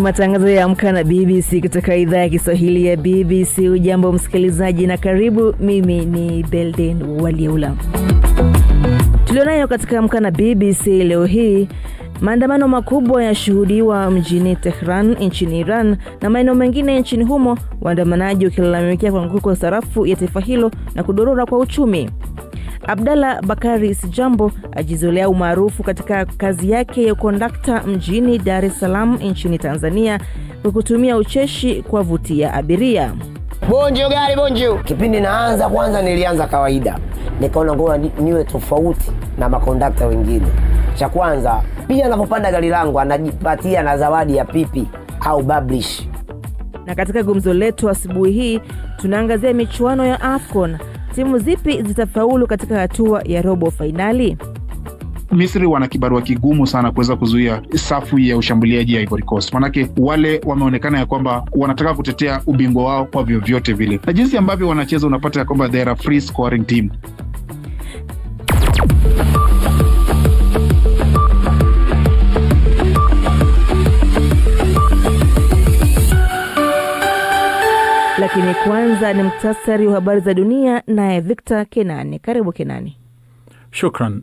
matangazo ya Amka na BBC kutoka idhaa ya Kiswahili ya BBC. Ujambo msikilizaji na karibu. Mimi ni Belden Walieula. Tulionayo katika Amka na BBC leo hii Maandamano makubwa yashuhudiwa mjini Tehran nchini Iran na maeneo mengine nchini humo, waandamanaji wakilalamikia kuanguka kwa sarafu ya taifa hilo na kudorora kwa uchumi. Abdalla Bakari Sijambo ajizolea umaarufu katika kazi yake ya ukondakta mjini Dar es Salaam nchini Tanzania kwa kutumia ucheshi kuwavutia abiria. Bonjo gari bonjo. Kipindi naanza kwanza, nilianza kawaida, nikaona ngoja niwe tofauti na makondakta wengine. Cha kwanza pia, anapopanda gari langu anajipatia na zawadi ya pipi au bablish. Na katika gumzo letu asubuhi hii tunaangazia michuano ya AFCON timu zipi zitafaulu katika hatua ya robo fainali? Misri wana kibarua kigumu sana kuweza kuzuia safu ya ushambuliaji ya Ivory manake wale wameonekana ya kwamba wanataka kutetea ubingwa wao kwa vyovyote vile, na jinsi ambavyo wanacheza unapata ya kwamba they are a free scoring team. lakini kwanza ni mktasari wa habari za dunia, naye Victor Kenani. Karibu Kenani. Shukran.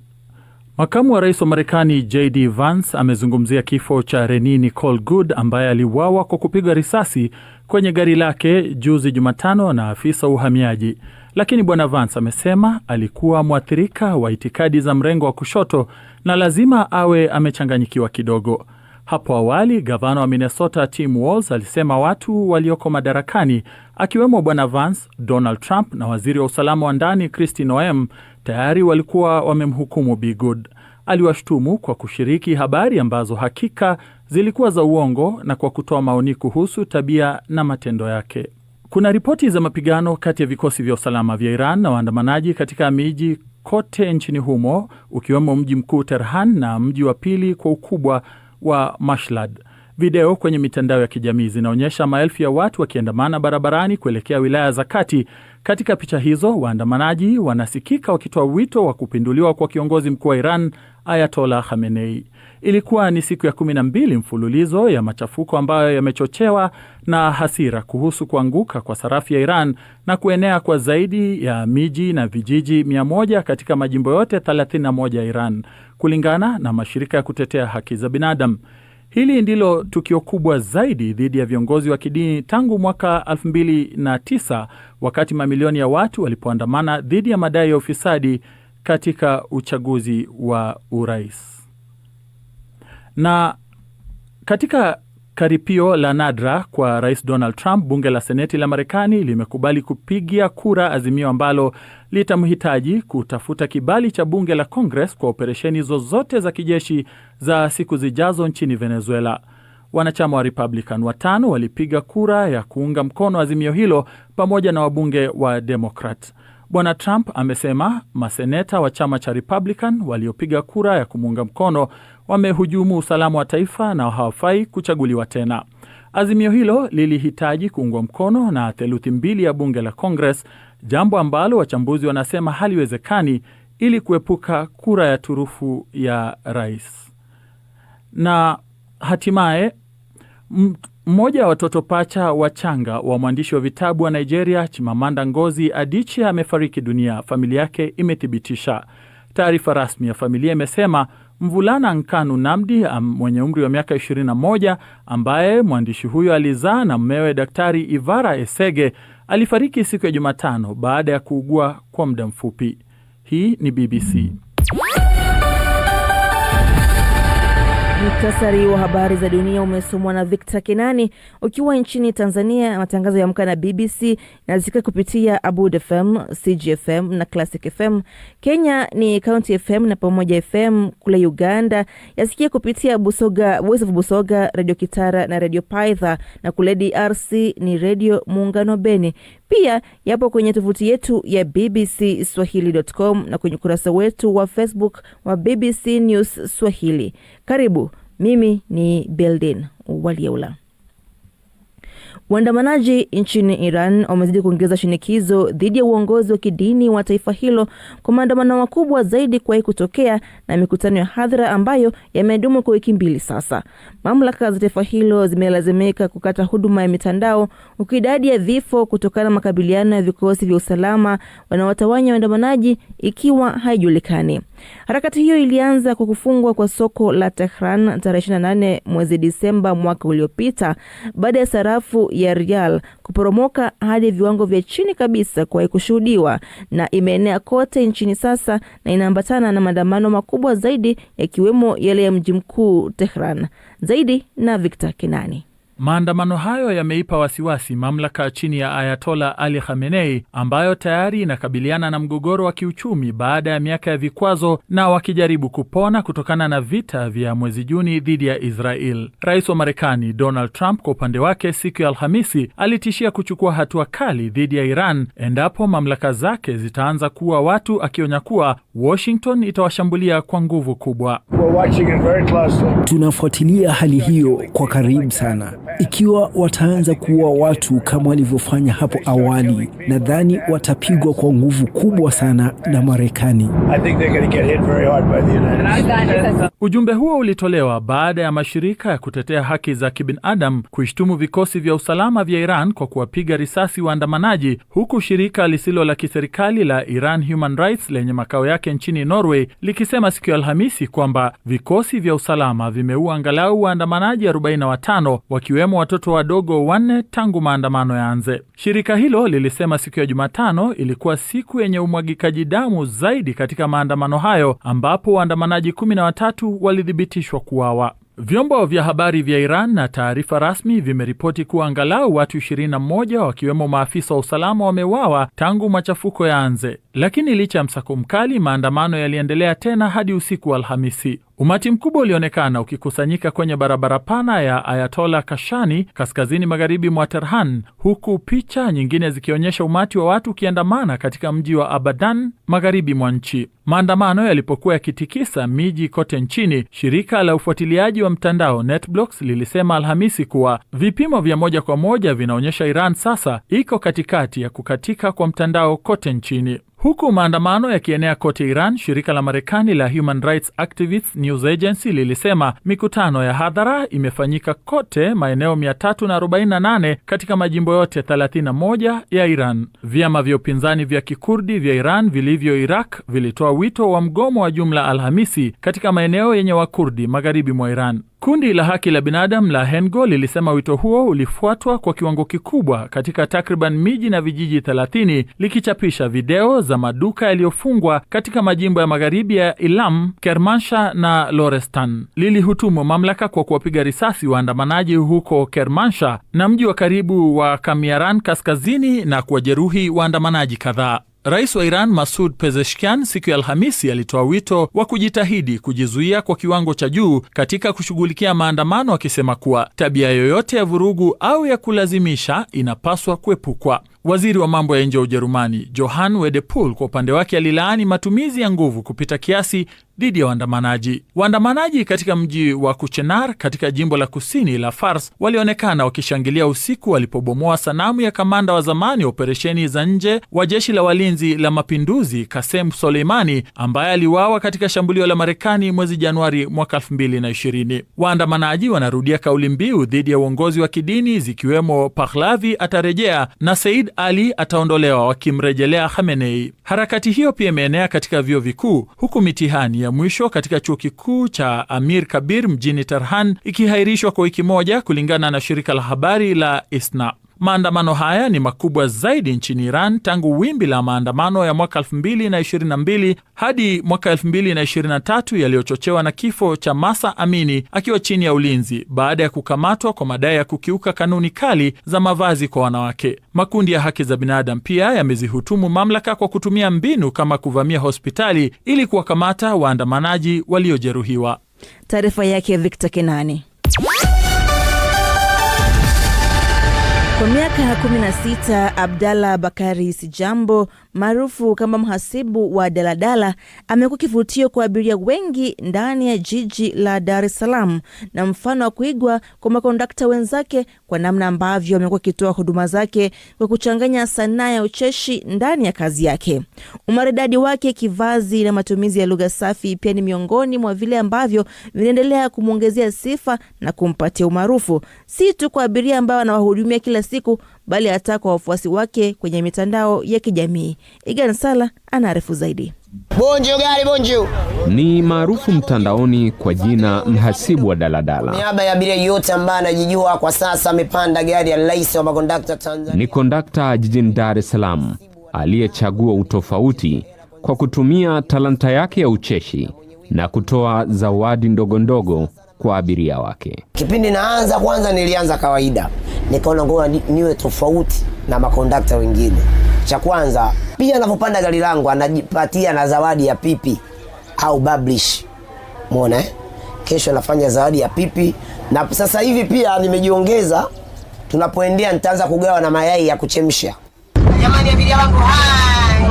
Makamu wa rais wa Marekani JD Vance amezungumzia kifo cha Renee Nicole Good ambaye aliuawa kwa kupigwa risasi kwenye gari lake juzi Jumatano na afisa wa uhamiaji, lakini bwana Vance amesema alikuwa mwathirika wa itikadi za mrengo wa kushoto na lazima awe amechanganyikiwa kidogo. Hapo awali gavana wa Minnesota Tim Walz alisema watu walioko madarakani akiwemo bwana Vance, Donald Trump na waziri wa usalama wa ndani Kristi Noem tayari walikuwa wamemhukumu b Good. Aliwashtumu kwa kushiriki habari ambazo hakika zilikuwa za uongo na kwa kutoa maoni kuhusu tabia na matendo yake. Kuna ripoti za mapigano kati ya vikosi vya usalama vya Iran na waandamanaji katika miji kote nchini humo ukiwemo mji mkuu Tehran na mji wa pili kwa ukubwa wa Mashlad. Video kwenye mitandao ya kijamii zinaonyesha maelfu ya watu wakiandamana barabarani kuelekea wilaya za kati katika picha hizo, waandamanaji wanasikika wakitoa wito wa kupinduliwa kwa kiongozi mkuu wa Iran Ayatollah Khamenei. Ilikuwa ni siku ya kumi na mbili mfululizo ya machafuko ambayo yamechochewa na hasira kuhusu kuanguka kwa sarafu ya Iran na kuenea kwa zaidi ya miji na vijiji mia moja katika majimbo yote 31 ya Iran kulingana na mashirika ya kutetea haki za binadamu. Hili ndilo tukio kubwa zaidi dhidi ya viongozi wa kidini tangu mwaka 2009 wakati mamilioni ya watu walipoandamana dhidi ya madai ya ufisadi katika uchaguzi wa urais. Na katika karipio la nadra kwa Rais Donald Trump, bunge la Seneti la Marekani limekubali kupigia kura azimio ambalo litamhitaji kutafuta kibali cha bunge la Congress kwa operesheni zozote za kijeshi za siku zijazo nchini Venezuela. Wanachama wa Republican watano walipiga kura ya kuunga mkono azimio hilo pamoja na wabunge wa Democrat. Bwana Trump amesema maseneta wa chama cha Republican waliopiga kura ya kumuunga mkono wamehujumu usalama wa taifa na hawafai kuchaguliwa tena. Azimio hilo lilihitaji kuungwa mkono na theluthi mbili ya bunge la Congress, jambo ambalo wachambuzi wanasema haliwezekani ili kuepuka kura ya turufu ya rais. Na hatimaye mmoja wa watoto pacha wachanga wa mwandishi wa vitabu wa Nigeria Chimamanda Ngozi Adichie amefariki dunia, familia yake imethibitisha. Taarifa rasmi ya familia imesema mvulana Nkanu Namdi mwenye umri wa miaka 21 ambaye mwandishi huyo alizaa na mmewe Daktari Ivara Esege alifariki siku ya Jumatano baada ya kuugua kwa muda mfupi. Hii ni BBC. Muktasari wa habari za dunia umesomwa na Victor kinani Ukiwa nchini Tanzania, matangazo ya Amka na BBC inasikika kupitia Abud FM, CGFM na Classic FM. Kenya ni County FM na Pamoja FM. Kule Uganda yasikia kupitia Busoga, Voice of Busoga, Radio Kitara na Radio Paitha, na kule DRC ni Radio Muungano Beni pia yapo kwenye tovuti yetu ya BBC Swahili.com na kwenye ukurasa wetu wa Facebook wa BBC News Swahili. Karibu, mimi ni Beldin Walieula. Waandamanaji nchini Iran wamezidi kuongeza shinikizo dhidi ya uongozi wa kidini wa taifa hilo kwa maandamano makubwa zaidi kuwahi kutokea na mikutano ya hadhara ambayo yamedumu kwa wiki mbili sasa. Mamlaka za taifa hilo zimelazimika kukata huduma ya mitandao, huku idadi ya vifo kutokana na makabiliano ya vikosi vya usalama wanaowatawanya waandamanaji ikiwa haijulikani. Harakati hiyo ilianza kwa kufungwa kwa soko la Tehran tarehe 28 mwezi Disemba mwaka uliopita baada ya sarafu ya rial kuporomoka hadi viwango vya chini kabisa kuwahi kushuhudiwa na imeenea kote nchini sasa na inaambatana na maandamano makubwa zaidi yakiwemo yale ya mji mkuu Tehran. Zaidi na Victor Kinani. Maandamano hayo yameipa wasiwasi mamlaka chini ya Ayatola Ali Khamenei ambayo tayari inakabiliana na mgogoro wa kiuchumi baada ya miaka ya vikwazo na wakijaribu kupona kutokana na vita vya mwezi Juni dhidi ya Israel. Rais wa Marekani Donald Trump kwa upande wake, siku ya Alhamisi alitishia kuchukua hatua kali dhidi ya Iran endapo mamlaka zake zitaanza kuua watu, akionya kuwa Washington itawashambulia kwa nguvu kubwa. Tunafuatilia hali hiyo kwa karibu sana. Ikiwa wataanza kuua watu kama walivyofanya hapo awali, nadhani watapigwa kwa nguvu kubwa sana na Marekani. Ujumbe huo ulitolewa baada ya mashirika ya kutetea haki za kibinadamu kuishtumu vikosi vya usalama vya Iran kwa kuwapiga risasi waandamanaji, huku shirika lisilo la kiserikali la Iran Human Rights lenye makao yake nchini Norway likisema siku ya Alhamisi kwamba vikosi vya usalama vimeua angalau waandamanaji 45 wakiwemo wakiwemo watoto wadogo wanne tangu maandamano yaanze. Shirika hilo lilisema siku ya Jumatano ilikuwa siku yenye umwagikaji damu zaidi katika maandamano hayo, ambapo waandamanaji kumi na watatu walithibitishwa kuuawa. Vyombo vya habari vya Iran na taarifa rasmi vimeripoti kuwa angalau watu 21 wakiwemo maafisa wa usalama wamewawa tangu machafuko yaanze. Lakini licha ya msako mkali, maandamano yaliendelea tena hadi usiku wa Alhamisi. Umati mkubwa ulionekana ukikusanyika kwenye barabara pana ya ayatola Kashani kaskazini magharibi mwa Tehran, huku picha nyingine zikionyesha umati wa watu ukiandamana katika mji wa Abadan magharibi mwa nchi. Maandamano yalipokuwa yakitikisa miji kote nchini, shirika la ufuatiliaji wa mtandao NetBlocks lilisema Alhamisi kuwa vipimo vya moja kwa moja vinaonyesha Iran sasa iko katikati ya kukatika kwa mtandao kote nchini. Huku maandamano yakienea kote Iran, shirika la Marekani la Human Rights Activists News Agency lilisema mikutano ya hadhara imefanyika kote maeneo 348 katika majimbo yote 31 ya Iran. Vyama vya upinzani vya Kikurdi vya Iran vilivyo Iraq vilitoa wito wa mgomo wa jumla Alhamisi katika maeneo yenye Wakurdi magharibi mwa Iran. Kundi la haki la binadamu la Hengo lilisema wito huo ulifuatwa kwa kiwango kikubwa katika takriban miji na vijiji 30 likichapisha video za maduka yaliyofungwa katika majimbo ya magharibi ya Ilam, Kermansha na Lorestan. Lilihutumu mamlaka kwa kuwapiga risasi waandamanaji huko Kermansha na mji wa karibu wa Kamiaran kaskazini na kuwajeruhi waandamanaji kadhaa. Rais wa Iran Masud Pezeshkian siku ya Alhamisi alitoa wito wa kujitahidi kujizuia kwa kiwango cha juu katika kushughulikia maandamano, akisema kuwa tabia yoyote ya vurugu au ya kulazimisha inapaswa kuepukwa. Waziri wa mambo ya nje wa Ujerumani Johann Wedepool kwa upande wake alilaani matumizi ya nguvu kupita kiasi dhidi ya waandamanaji. Waandamanaji katika mji wa Kuchenar katika jimbo la kusini la Fars walionekana wakishangilia usiku walipobomoa sanamu ya kamanda wa zamani wa operesheni za nje wa jeshi la walinzi la mapinduzi Kasem Soleimani ambaye aliuawa katika shambulio la Marekani mwezi Januari mwaka 2020. Waandamanaji wanarudia kauli mbiu dhidi ya uongozi wa kidini zikiwemo Pahlavi atarejea na Said ali ataondolewa wakimrejelea Khamenei. Harakati hiyo pia imeenea katika vyuo vikuu, huku mitihani ya mwisho katika chuo kikuu cha Amir Kabir mjini tarhan ikihairishwa kwa wiki moja, kulingana na shirika la habari la ISNA. Maandamano haya ni makubwa zaidi nchini Iran tangu wimbi la maandamano ya mwaka 2022 hadi mwaka 2023 yaliyochochewa na kifo cha Masa Amini akiwa chini ya ulinzi baada ya kukamatwa kwa madai ya kukiuka kanuni kali za mavazi kwa wanawake. Makundi ya haki za binadamu pia yamezihutumu mamlaka kwa kutumia mbinu kama kuvamia hospitali ili kuwakamata waandamanaji waliojeruhiwa. Taarifa yake Victor Kenani. Kwa miaka 16 Abdalla Bakari Sijambo maarufu kama mhasibu wa daladala amekuwa kivutio kwa abiria wengi ndani ya jiji la Dar es Salaam na mfano wa kuigwa kwa makondakta wenzake kwa namna ambavyo amekuwa akitoa huduma zake kwa kuchanganya sanaa ya ucheshi ndani ya kazi yake. Umaridadi wake kivazi na matumizi ya lugha safi pia ni miongoni mwa vile ambavyo vinaendelea kumwongezea sifa na kumpatia umaarufu si tu kwa abiria ambayo anawahudumia kila siku, bali hata kwa wafuasi wake kwenye mitandao ya kijamii. Igan Sala anaarifu zaidi. Bonjo gari bonjo ni maarufu mtandaoni kwa jina mhasibu wa daladala. Niaba ya abiria yote ambaye anajijua kwa sasa amepanda gari ya rais wa makondakta Tanzania. Ni kondakta jijini Dar es Salaam aliyechagua utofauti kwa kutumia talanta yake ya ucheshi na kutoa zawadi ndogo ndogo kwa abiria wake. Kipindi naanza kwanza, nilianza kawaida, nikaona ngoja niwe tofauti na makondakta wengine. Cha kwanza pia, anapopanda gari langu anajipatia na zawadi ya pipi au bablish, muone eh? Kesho anafanya zawadi ya pipi, na sasa hivi pia nimejiongeza, tunapoendea nitaanza kugawa na mayai ya kuchemsha. Jamani abiria wangu, hai,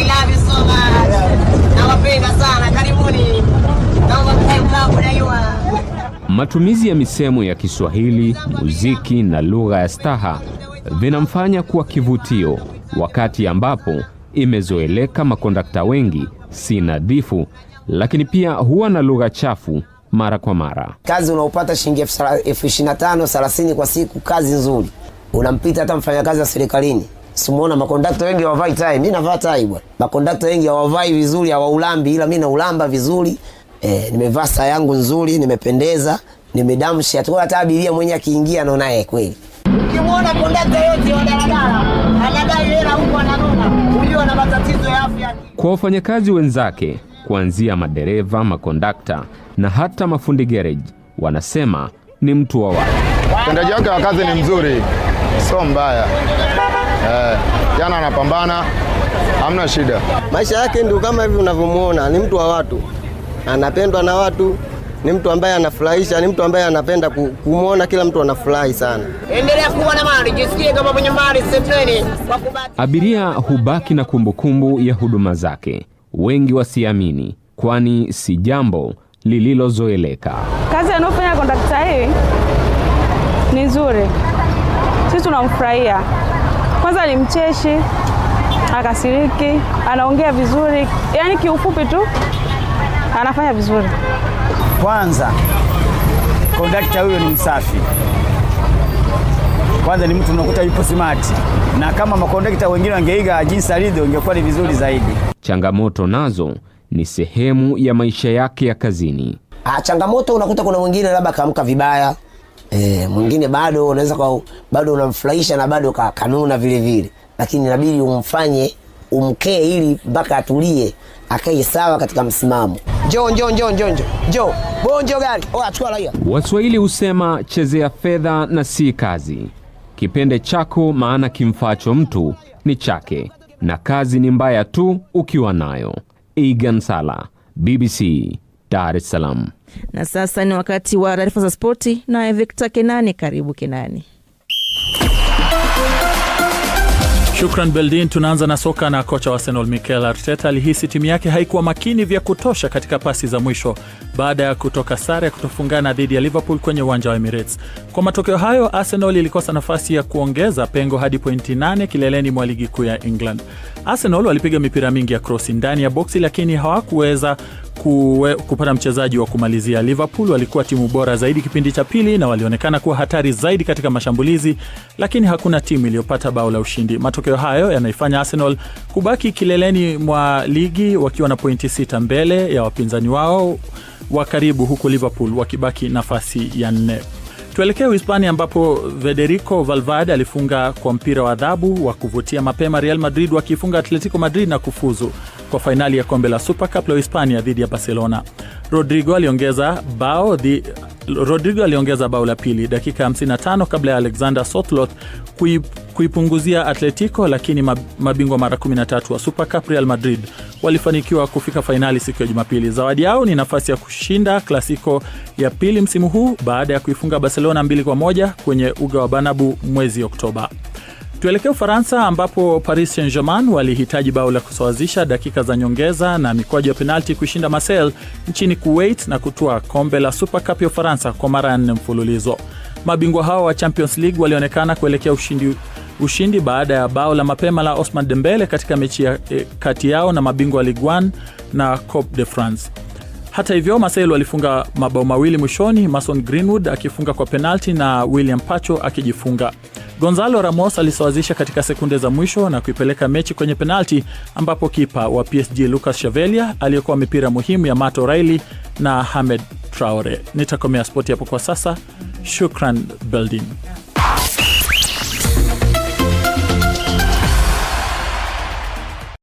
I love you so much, nawapenda sana, karibuni. Matumizi ya misemo ya Kiswahili, muziki na lugha ya staha vinamfanya kuwa kivutio, wakati ambapo imezoeleka makondakta wengi si nadhifu, lakini pia huwa na lugha chafu mara kwa mara. Kazi unaopata shilingi elfu ishirini na tano thelathini kwa siku, kazi nzuri, unampita hata mfanyakazi wa serikalini. Simuona makondakta wengi hawavai tai, mi navaa tai bwana. Makondakta wengi hawavai vizuri, hawaulambi, ila mi naulamba vizuri eh, nimevaa saa yangu nzuri, nimependeza, nimedamsha tu, hata abiria mwenye akiingia anaona yeye eh, kweli. Ukimwona kondakta yote wa daladala anadai hela huko ananuna, ujue na matatizo ya afya. Kwa wafanyakazi wenzake kuanzia madereva, makondakta na hata mafundi gereji, wanasema ni mtu wa watu. Utendaji wake wa kazi ni mzuri, sio mbaya. Eh, jana anapambana, hamna shida. Maisha yake ndio kama hivi unavyomwona ni mtu wa watu anapendwa na watu, ni mtu ambaye anafurahisha, ni mtu ambaye anapenda kumwona kila mtu anafurahi sana. Endelea kuwa na mali, jisikie kama mwenye mali. Abiria hubaki na kumbukumbu ya huduma zake, wengi wasiamini, kwani si jambo lililozoeleka. Kazi anayofanya kondakta hii ni nzuri, sisi tunamfurahia. Kwanza ni mcheshi, akasiriki, anaongea vizuri, yaani kiufupi tu Anafanya vizuri. Kwanza kondakta huyo ni msafi, kwanza ni mtu unakuta yupo simati, na kama makondakta wengine wangeiga jinsi alivyo ingekuwa ni vizuri zaidi. Changamoto nazo ni sehemu ya maisha yake ya kazini. Ha, ah, changamoto unakuta kuna mwingine labda kaamka vibaya e, mwingine bado unaweza bado unamfurahisha na bado kanuna vile vile, lakini inabidi umfanye umkee ili mpaka atulie akae sawa katika msimamo. Njoo, njoo, njoo, njoo, njoo. Bonjo gari Oa, raia. Waswahili husema chezea fedha na si kazi. Kipende chako maana kimfacho mtu ni chake, na kazi ni mbaya tu ukiwa nayo. Egan Sala, BBC Dar es Salaam. Na sasa ni wakati wa taarifa za spoti, naye Victor Kenani. Karibu Kenani. Shukran Beldin. Tunaanza na soka na kocha wa Arsenal Mikel Arteta alihisi timu yake haikuwa makini vya kutosha katika pasi za mwisho baada ya kutoka sare ya kutofungana dhidi ya Liverpool kwenye uwanja wa Emirates. Kwa matokeo hayo, Arsenal ilikosa nafasi ya kuongeza pengo hadi pointi 8 kileleni mwa ligi kuu ya England. Arsenal walipiga mipira mingi ya krosi ndani ya boksi, lakini hawakuweza kuwe, kupata mchezaji wa kumalizia. Liverpool walikuwa timu bora zaidi kipindi cha pili na walionekana kuwa hatari zaidi katika mashambulizi, lakini hakuna timu iliyopata bao la ushindi. Matokeo hayo yanaifanya Arsenal kubaki kileleni mwa ligi wakiwa na pointi sita mbele ya wapinzani wao wa karibu, huku Liverpool wakibaki nafasi ya nne. Tuelekee Uhispania ambapo Federico Valverde alifunga kwa mpira wa adhabu wa kuvutia mapema, Real Madrid wakiifunga Atletico Madrid na kufuzu kwa fainali ya kombe la supercup la Uhispania dhidi ya Barcelona. Rodrigo aliongeza bao di... Rodrigo aliongeza bao la pili dakika 55 kabla ya Alexander Sotloth kuipunguzia Atletico, lakini mabingwa mara 13 wa Super Cup Real Madrid walifanikiwa kufika fainali siku ya Jumapili. Zawadi yao ni nafasi ya kushinda Klasiko ya pili msimu huu baada ya kuifunga Barcelona 2 kwa moja kwenye uga wa Banabu mwezi Oktoba. Tuelekee Ufaransa ambapo Paris Saint-Germain walihitaji bao la kusawazisha dakika za nyongeza na mikwaju ya penalti kuishinda Marseille nchini Kuwait na kutoa kombe la Super Cup ya Ufaransa kwa mara ya nne mfululizo. Mabingwa hao wa Champions League walionekana kuelekea ushindi, ushindi baada ya bao la mapema la Osman Dembele katika mechi ya, eh, kati yao na mabingwa wa Ligue 1 na Coupe de France. Hata hivyo, maselu alifunga mabao mawili mwishoni, Mason Greenwood akifunga kwa penalti na William Pacho akijifunga. Gonzalo Ramos alisawazisha katika sekunde za mwisho na kuipeleka mechi kwenye penalti ambapo kipa wa PSG Lucas Chavelia aliyekuwa mipira muhimu ya Mato Raili na Hamed Traore. Nitakomea spoti hapo kwa sasa. Shukran Beldin.